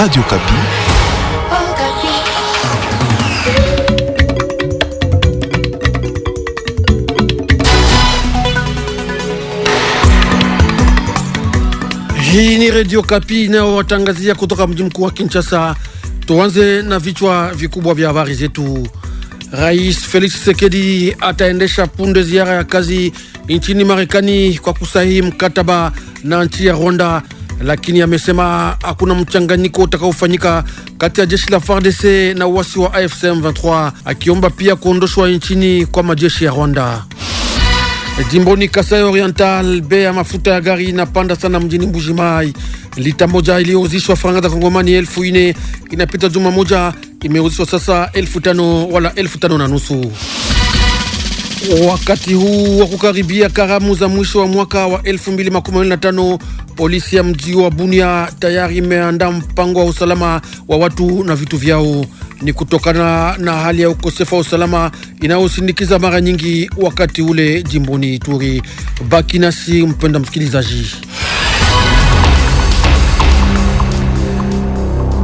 Radio Kapi. Hii ni Radio Kapi inayowatangazia kutoka mji mkuu wa Kinshasa. Tuanze na vichwa vikubwa vya habari zetu. Rais Felix Tshisekedi ataendesha punde ziara ya kazi nchini Marekani kwa kusahihi mkataba na nchi ya Rwanda lakini amesema hakuna mchanganyiko utakaofanyika kati ya jeshi la FARDC na uasi wa AFC M23, akiomba pia kuondoshwa nchini kwa majeshi ya Rwanda. Jimboni Kasai Oriental, bei ya mafuta ya gari inapanda sana mjini Mbujimai. Lita moja iliyouzishwa faranga za Kongomani elfu ine inapita juma moja imeuzishwa sasa elfu tano wala elfu tano na nusu. Wakati huu wa kukaribia karamu za mwisho wa mwaka wa 2025 polisi ya mji wa Bunia tayari imeandaa mpango wa usalama wa watu na vitu vyao. Ni kutokana na hali ya ukosefu wa usalama inayosindikiza mara nyingi wakati ule jimboni Ituri. Baki nasi mpenda msikilizaji.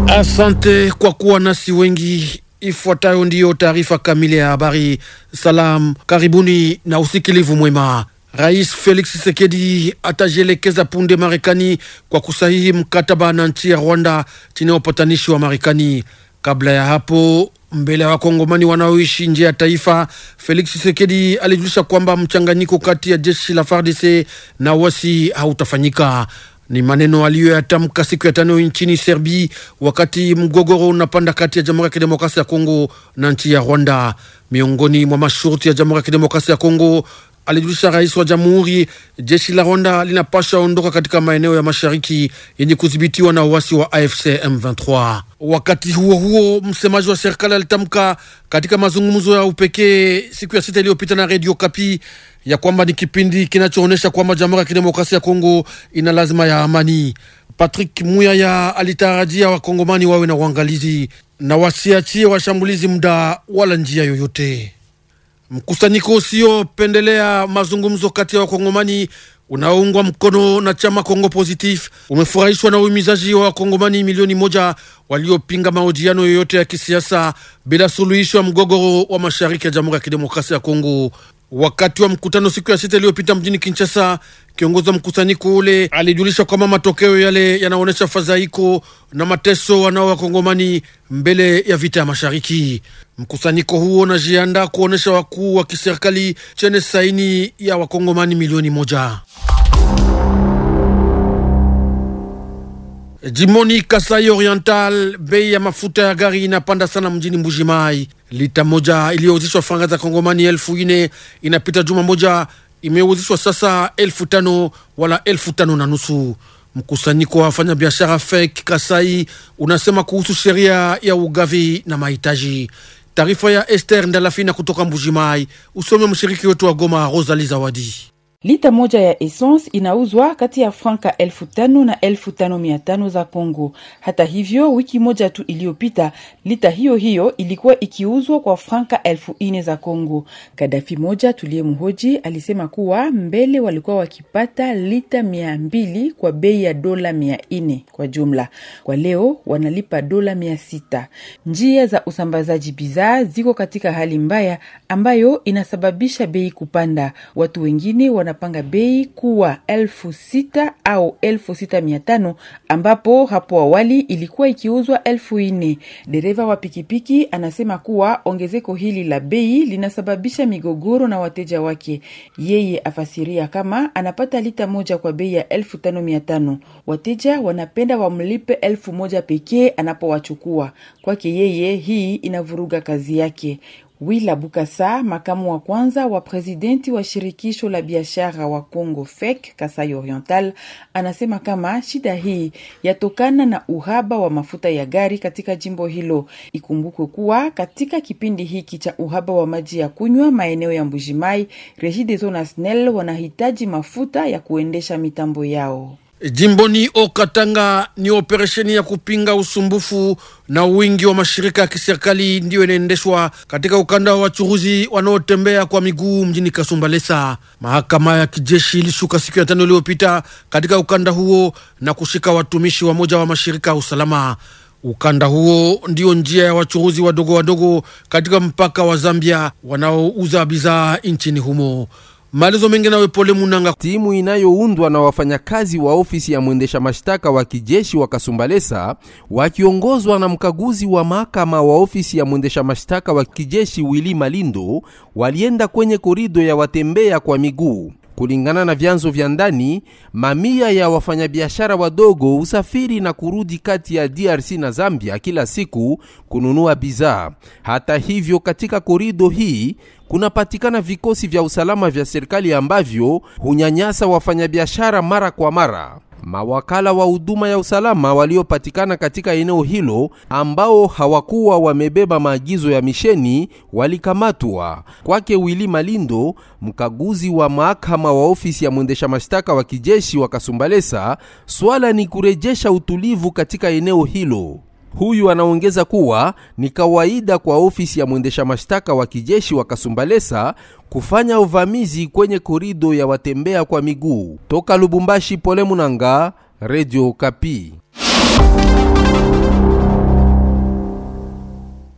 Asante kwa kuwa nasi wengi. Ifuatayo ndiyo taarifa kamili ya habari. Salam, karibuni na usikilivu mwema. Rais Felix Tshisekedi atajielekeza punde Marekani kwa kusahihi mkataba na nchi ya Rwanda chini ya upatanishi wa Marekani. Kabla ya hapo, mbele ya wakongomani wanaoishi nje ya taifa, Felix Tshisekedi alijulisha kwamba mchanganyiko kati ya jeshi la FARDC na wasi hautafanyika. Ni maneno aliyoyatamka siku ya tano nchini Serbia, wakati mgogoro unapanda kati ya Jamhuri ya Kidemokrasia ya Kongo na nchi ya Rwanda. Miongoni mwa masharti ya Jamhuri ya Kidemokrasia ya Kongo alijulisha rais wa jamhuri, jeshi la Rwanda linapasha ondoka katika maeneo ya mashariki yenye kudhibitiwa na uasi wa AFC M23. Wakati huo huo, msemaji wa serikali alitamka katika mazungumzo ya upekee siku ya sita iliyopita na Radio Kapi ya kwamba ni kipindi kinachoonyesha kwamba Jamhuri ya Kidemokrasia ya Kongo ina lazima ya amani. Patrick Muyaya alitarajia wakongomani wawe na uangalizi na wasiachie washambulizi muda wala njia yoyote. Mkusanyiko usiopendelea mazungumzo kati ya wakongomani unaoungwa mkono na chama Kongo Positif umefurahishwa na uhimizaji wa wakongomani milioni moja waliopinga mahojiano yoyote ya kisiasa bila suluhisho ya mgogoro wa mashariki ya Jamhuri ya Kidemokrasia ya Kongo. Wakati wa mkutano siku ya sita iliyopita mjini Kinshasa, kiongozi wa mkusanyiko ule alijulisha kwamba matokeo yale yanaonyesha fadhaiko na mateso wanaowakongomani mbele ya vita ya mashariki. Mkusanyiko huo unajiandaa kuonyesha wakuu wa kiserikali chene saini ya wakongomani milioni moja. jimoni Kasai Oriental, bei ya mafuta ya gari inapanda sana mjini Mbujimai. Lita moja iliyouzishwa franga za Kongomani elfu ine inapita juma moja imeuzishwa sasa elfu tano wala elfu tano na nusu. Mkusanyiko wa biashara fek Kasai unasema kuhusu sheria ya ugavi na mahitaji. Taarifa ya Esther Ndalafina kutoka Mbujimai, usome mshiriki wetu wa Goma, Rosali Zawadi. Lita moja ya essence inauzwa kati ya franka elfu tano na elfu tano mia tano za congo Hata hivyo, wiki moja tu iliyopita lita hiyo hiyo ilikuwa ikiuzwa kwa franka elfu ine za congo Kadafi moja mhoji alisema kuwa mbele walikuwa wakipata lita mia mbili kwa bei ya dola mia kwa jumla, kwa leo wanalipa dola mia sita. Njia za usambazaji bidhaa ziko katika hali mbaya ambayo inasababisha bei kupanda. Watu wengine wana wanapanga bei kuwa elfu sita au elfu sita mia tano ambapo hapo awali ilikuwa ikiuzwa elfu nne. Dereva wa pikipiki anasema kuwa ongezeko hili la bei linasababisha migogoro na wateja wake. Yeye afasiria kama anapata lita moja kwa bei ya elfu tano mia tano. Wateja wanapenda wamlipe elfu moja pekee anapowachukua. Kwake yeye hii inavuruga kazi yake. Wila Bukasa, makamu wa kwanza wa presidenti wa shirikisho la biashara wa congo FEC Kasai Oriental, anasema kama shida hii yatokana na uhaba wa mafuta ya gari katika jimbo hilo. Ikumbukwe kuwa katika kipindi hiki cha uhaba wa maji ya kunywa maeneo ya Mbujimai, Regideso na SNEL wanahitaji mafuta ya kuendesha mitambo yao. Jimboni Okatanga ni operesheni ya kupinga usumbufu na wingi wa mashirika ya kiserikali ndiyo inaendeshwa katika ukanda wa wachuruzi wanaotembea kwa miguu mjini Kasumbalesa. Mahakama ya kijeshi ilishuka siku ya tano iliyopita katika ukanda huo na kushika watumishi wa moja wa mashirika ya usalama. Ukanda huo ndio njia ya wachuruzi wadogo wadogo katika mpaka wa Zambia wanaouza bidhaa nchini humo. Maelezo mengi nawe Pole Munanga. Timu inayoundwa na wafanyakazi wa ofisi ya mwendesha mashtaka wa kijeshi wa Kasumbalesa wakiongozwa na mkaguzi wa mahakama wa ofisi ya mwendesha mashtaka wa kijeshi wili Malindo walienda kwenye korido ya watembea kwa miguu. Kulingana na vyanzo vya ndani, mamia ya wafanyabiashara wadogo usafiri na kurudi kati ya DRC na Zambia kila siku kununua bidhaa. Hata hivyo, katika korido hii kunapatikana vikosi vya usalama vya serikali ambavyo hunyanyasa wafanyabiashara mara kwa mara. Mawakala wa huduma ya usalama waliopatikana katika eneo hilo ambao hawakuwa wamebeba maagizo ya misheni walikamatwa. Kwake Wili Malindo, mkaguzi wa mahakama wa ofisi ya mwendesha mashtaka wa kijeshi wa Kasumbalesa, swala ni kurejesha utulivu katika eneo hilo. Huyu anaongeza kuwa ni kawaida kwa ofisi ya mwendesha mashtaka wa kijeshi wa Kasumbalesa kufanya uvamizi kwenye korido ya watembea kwa miguu. Toka Lubumbashi, Pole Munanga, Radio Kapi.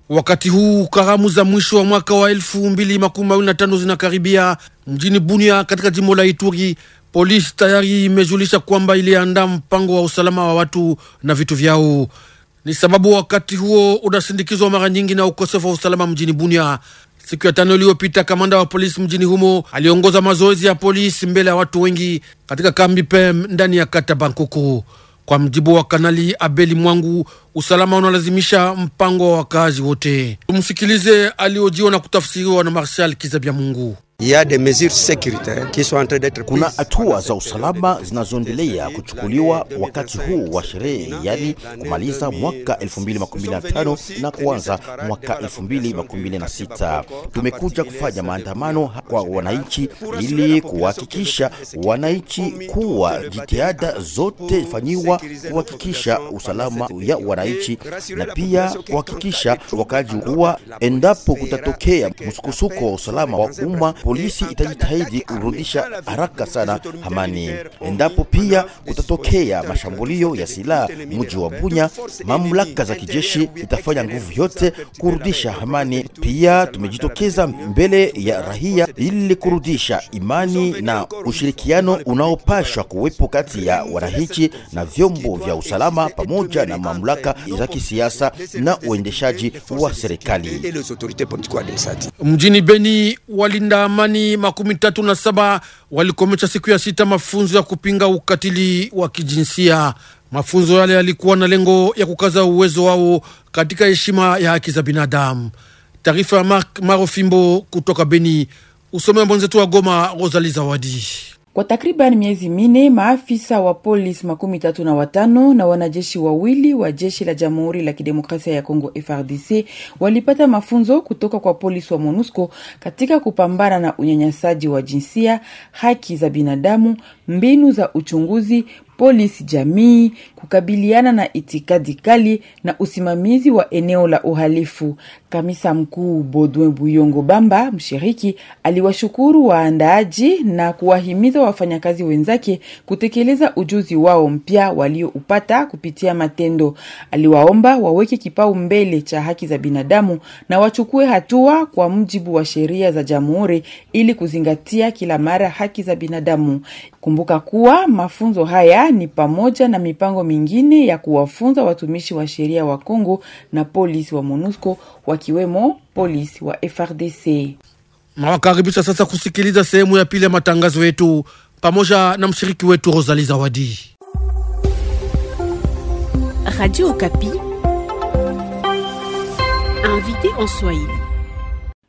Wakati huu karamu za mwisho wa mwaka wa 2025 zinakaribia mjini Bunia katika jimbo la Ituri. Polisi tayari imejulisha kwamba iliandaa mpango wa usalama wa watu na vitu vyao ni sababu wakati huo unasindikizwa mara nyingi na ukosefu wa usalama mjini Bunia. Siku ya tano iliyopita, kamanda wa polisi mjini humo aliongoza mazoezi ya polisi mbele ya watu wengi katika kambi PEM ndani ya kata Bankuku. Kwa mjibu wa Kanali Abeli Mwangu, usalama unalazimisha mpango wa wakazi wote. Tumsikilize aliojiwa na kutafsiriwa na Marshal Kizabya Mungu qui sont en train d'être Kuna hatua za usalama zinazoendelea kuchukuliwa wakati huu wa sherehe, yaani kumaliza mwaka 2025 na kuanza mwaka 2026. Tumekuja kufanya maandamano kwa wananchi ili kuhakikisha wananchi kuwa jitihada zote fanyiwa kuhakikisha usalama ya wananchi na pia kuhakikisha wakaji kuwa endapo kutatokea msukosuko wa usalama wa umma polisi itajitahidi kurudisha haraka sana amani. Endapo pia kutatokea mashambulio ya silaha eh, eh, mji wa eh, Bunya, mamlaka za kijeshi itafanya nguvu yote kurudisha amani. Pia tumejitokeza mbele ya rahia ili kurudisha imani na ushirikiano unaopashwa kuwepo kati ya wananchi na vyombo vya usalama pamoja na mamlaka za kisiasa na uendeshaji wa serikali mjini Beni walinda amani makumi tatu na saba walikomesha siku ya sita mafunzo ya kupinga ukatili wa kijinsia. Mafunzo yale yalikuwa na lengo ya kukaza uwezo wao katika heshima ya haki za binadamu. Taarifa ya Mark Marofimbo kutoka Beni, usome mwenzetu wa Goma, Rosali Zawadi. Kwa takriban miezi mine maafisa wa polisi makumi tatu na watano na wanajeshi wawili wa jeshi la Jamhuri la Kidemokrasia ya Kongo frdc walipata mafunzo kutoka kwa polisi wa MONUSCO katika kupambana na unyanyasaji wa jinsia, haki za binadamu, mbinu za uchunguzi, polisi jamii, kukabiliana na itikadi kali na usimamizi wa eneo la uhalifu. Kamisa mkuu Bodwin Buyongo Bamba, mshiriki, aliwashukuru waandaaji na kuwahimiza wafanyakazi wenzake kutekeleza ujuzi wao mpya walioupata kupitia matendo. Aliwaomba waweke kipao mbele cha haki za binadamu na wachukue hatua kwa mjibu wa sheria za jamhuri ili kuzingatia kila mara haki za binadamu. Kumbu Kumbuka kuwa mafunzo haya ni pamoja na mipango mingine ya kuwafunza watumishi wa sheria wa Kongo na polisi wa MONUSCO wakiwemo polisi wa FRDC. Nawakaribisha sasa kusikiliza sehemu ya pili ya matangazo yetu pamoja na mshiriki wetu Rosali Zawadi. Radio Okapi, invité en Swahili.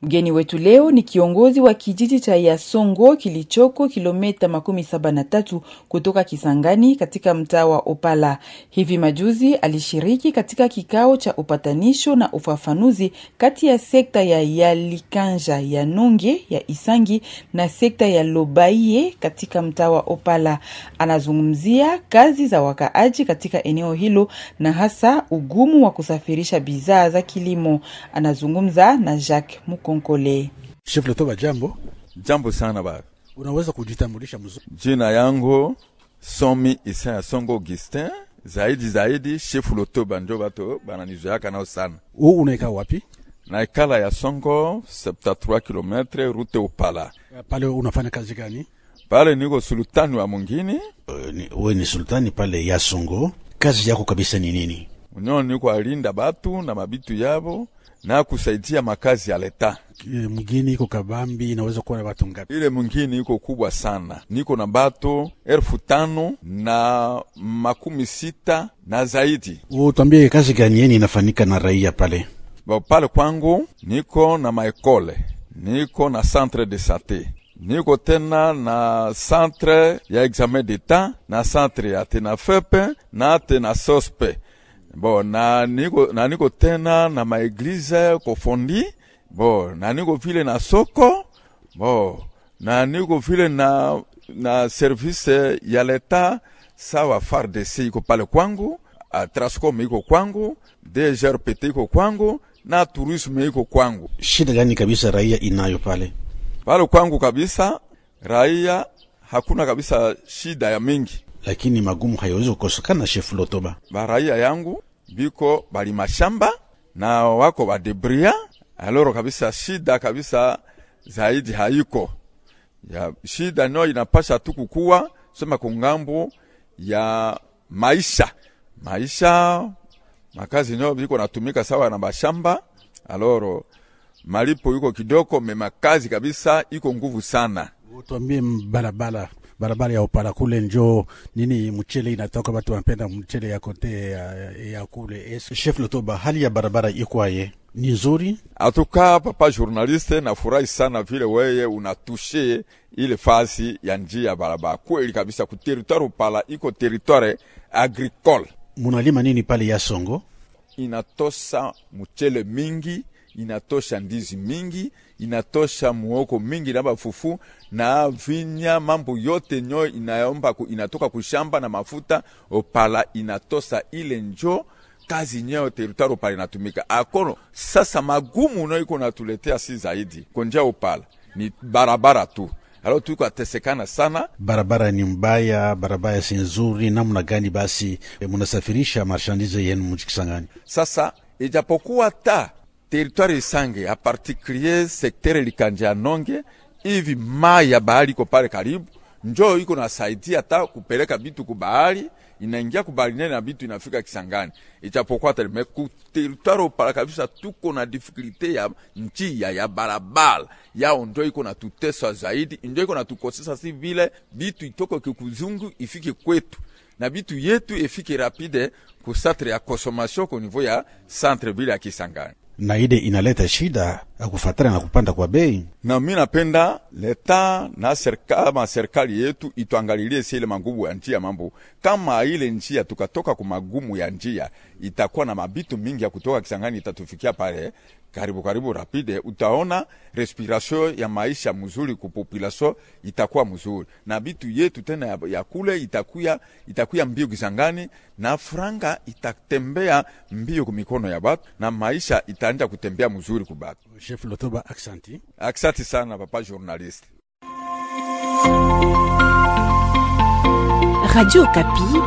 Mgeni wetu leo ni kiongozi wa kijiji cha Yasongo kilichoko kilometa makumi saba na tatu kutoka Kisangani katika mtaa wa Opala. Hivi majuzi alishiriki katika kikao cha upatanisho na ufafanuzi kati ya sekta ya Yalikanja ya Nonge ya Isangi na sekta ya lobaie katika mtaa wa Opala. Anazungumzia kazi za wakaaji katika eneo hilo na hasa ugumu wa kusafirisha bidhaa za kilimo. Anazungumza na Jacques Muko. Konkole. Chef Lutoba, jambo. Jambo sana ba. Unaweza kujitambulisha mzuri? Jina yangu Somi Isaya Songo Gistin, zaidi zaidi Chef Lutoba, ndio bato bananizoyaka nao sana. Wewe unaika wapi? Naikala ya Songo 73 km route Upala. Eh, pale unafanya kazi gani? Pale niko sultani wa mungini. Eh, wewe ni, sultani pale ya Songo. Kazi yako kabisa ni nini? Nyo niko alinda batu na mabitu yabo na kusaidia makazi ya leta. Mgini iko kabambi inaweza kuwa na watu ngapi? Ile mwingine iko kubwa sana, niko na bato elfu tano na makumi sita na zaidi. Utwambie kazi gani yeni inafanika na raia pale? Ba, pale kwangu niko na maekole, niko na centre de sante niko tena na centre ya examen d'etat na centre ya tena fepe na tena sospe bo na niko, na niko tena na maeglize kofondi bo na niko vile na soko bo na niko vile na, na service ya leta sawa FARDC iko pale kwangu, Trascom iko kwangu, DGRPT iko kwangu na tourisme iko kwangu. Shida gani kabisa raia inayo pale pale kwangu kabisa? Raia hakuna kabisa shida ya mingi lakini magumu hayawezi kukosekana. Shefu Lotoba, baraia yangu biko bali mashamba na wako badebria aloro kabisa, shida kabisa zaidi haiko ya shida no, inapasha tu kukua sema kungambo ya maisha maisha makazi nyo biko natumika sawa na bashamba aloro malipo yuko kidoko mema kazi kabisa iko nguvu sana. Tuambie mbalabala barabara ya upara kule njo nini mchele inatoka, watu wanapenda mchele ya kote ya, ya kule es. Chef Lotoba, hali ya barabara ikwaye ni nzuri atuka papa journaliste, nafurahi sana vile weye unatushe ile fasi ya njia ya barabara. Kweli kabisa ku territoire Upala iko territoire agricole. Munalima nini pale ya Songo? Inatosha mchele mingi, inatosha ndizi mingi inatosha muoko mingi na bafufu na vinya, mambo yote nyo inayomba ku, inatoka kushamba na mafuta opala inatosa ile njo kazi nyeo terutaro pale inatumika akono. Sasa magumu no iko natuletea si zaidi konja opala ni barabara tu alo tuko atesekana sana, barabara ni mbaya, barabara si nzuri. Namna gani basi eh, munasafirisha marshandize yenu mujikisangani? Sasa ijapokuwa ta teritwari Isange, a particulier sektere Likanja Nonge, hivi mai ya bahari iko pale karibu, njo iko na nasaidia hata kupeleka bitu ku bahari, inaingia ku bahari na bitu inafika Kisangani. Ijapokuwa tarime ku teritwari pale kabisa, tuko na difikulite ya njia ya barabara ya njo iko na natutesa zaidi, njo iko na tukosesa, si vile bitu itoko kikuzungu ifike kwetu na bitu yetu ifike rapide ku centre ya consommation ko niveau ya centre ville ya Kisangani na ile inaleta shida akufatana na kupanda kwa bei, na mimi napenda leta na serikali ma serikali yetu ituangalilie sile magumu ya njia. Mambo kama ile njia tukatoka kumagumu ya njia, itakuwa na mabitu mingi ya kutoka Kisangani itatufikia pale karibu karibu rapide, utaona respiration ya maisha mzuri population itakuwa mzuri, na bitu yetu tena ya, ya kule itakuya, itakuya mbio Kisangani, na franga itatembea mbio mikono ya batu, na maisha itaanza kutembea mzuri kubatu. Chef Lotoba, aksanti aksanti sana papa journalist. Radio Kapi,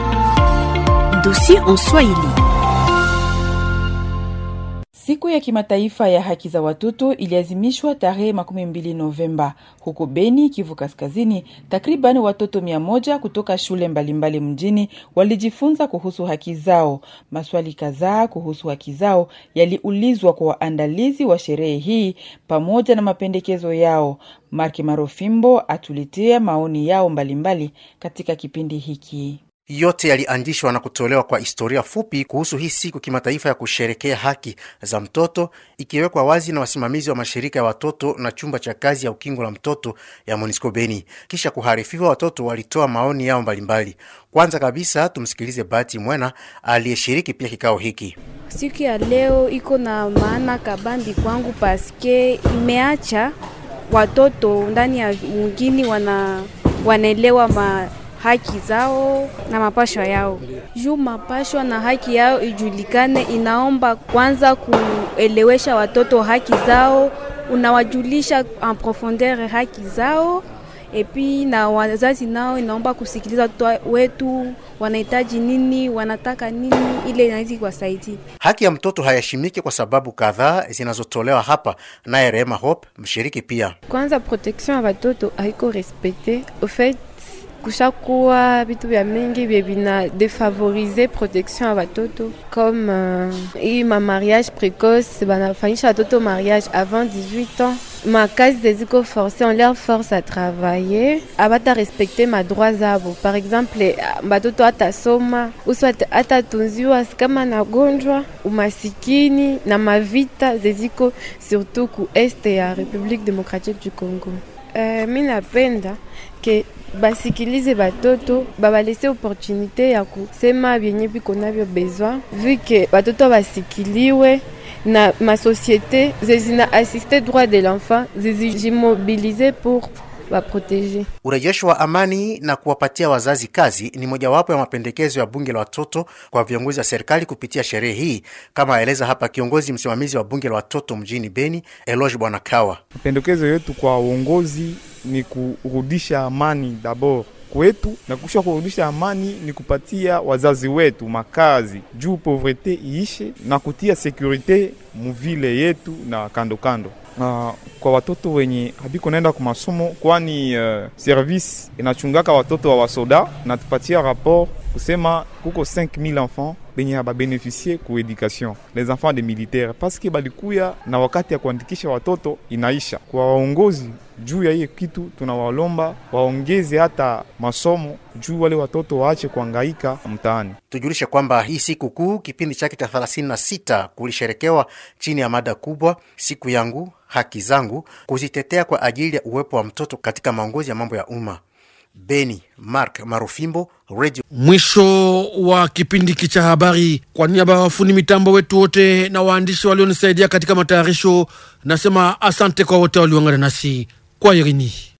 dossier en Swahili. Siku ya kimataifa ya haki za watoto iliazimishwa tarehe makumi Novemba huko Beni, Kivu Kaskazini. Takriban watoto 1 moja kutoka shule mbalimbali mbali mjini walijifunza kuhusu haki zao. Maswali kadhaa kuhusu haki zao yaliulizwa kwa waandalizi wa sherehe hii pamoja na mapendekezo yao. Mark Marofimbo atuletea maoni yao mbalimbali mbali katika kipindi hiki yote yaliandishwa na kutolewa kwa historia fupi kuhusu hii siku kimataifa ya kusherekea haki za mtoto, ikiwekwa wazi na wasimamizi wa mashirika ya watoto na chumba cha kazi ya ukingo la mtoto ya Monisco Beni. Kisha kuharifiwa, watoto walitoa maoni yao mbalimbali. Kwanza kabisa tumsikilize Bahati Mwena aliyeshiriki pia kikao hiki. Siku ya leo iko na maana kabambi kwangu paske imeacha watoto ndani ya mgini wana wanaelewa haki zao na mapashwa yao. Juu mapashwa na haki yao ijulikane, inaomba kwanza kuelewesha watoto haki zao, unawajulisha en profondeur haki zao epi na wazazi nao inaomba kusikiliza watoto wetu wanahitaji nini, wanataka nini, ile inaweza kuwasaidia. Haki ya mtoto hayashimiki kwa sababu kadhaa zinazotolewa hapa, naye Rehema Hope mshiriki pia. Kwanza protection ya watoto haiko respecte au fait kushakuwa vitu vya mingi vye vina defavorize protection ya watoto comme uh, hii mamariage precoce banafanyisha watoto mariage avant 18 ans makazi zeziko force on leur force à travailler ma madroit zabo par exemple batoto atasoma uso atatunziwa kama na gonjwa umasikini na mavita zeziko surtout ku este république démocratique du congo Uh, mina napenda ke basikilize batoto babalese opportunité ya kusema vyenye viko navyo besoin vu ke batoto basikiliwe na masosiete assisté droit de l'enfant zezijimobilize pour waproteje. Urejesho wa amani na kuwapatia wazazi kazi ni mojawapo ya mapendekezo ya bunge la watoto kwa viongozi wa serikali kupitia sherehe hii, kama aeleza hapa kiongozi msimamizi wa bunge la watoto mjini Beni, Eloge Bwana Kawa. yetu kwa uongozi ni kurudisha amani dabord kwetu na kusha kurudisha amani ni kupatia wazazi wetu makazi juu povrete iishe na kutia sekurite muvile yetu na kando kando. Uh, kwa watoto wenye habiko naenda kwa masomo, kwani uh, service inachungaka watoto wa wasoda na tupatia rapport kusema kuko 5000 enfants benye hababenefisie ku education les enfants de militaire paske balikuya na wakati ya kuandikisha watoto inaisha. Kwa waongozi juu ya hiye kitu tunawalomba waongeze hata masomo juu wale watoto waache kuangaika mtaani. Tujulishe kwamba hii siku kuu kipindi chake cha 36 kulisherekewa chini ya mada kubwa siku yangu haki zangu, kuzitetea kwa ajili ya uwepo wa mtoto katika maongozi ya mambo ya umma. Beni, Mark Marufimbo, Radio. Mwisho wa kipindi hiki cha habari. Kwa niaba ya wafundi mitambo wetu wote na waandishi walionisaidia katika matayarisho, nasema asante kwa wote walioungana nasi kwa irini.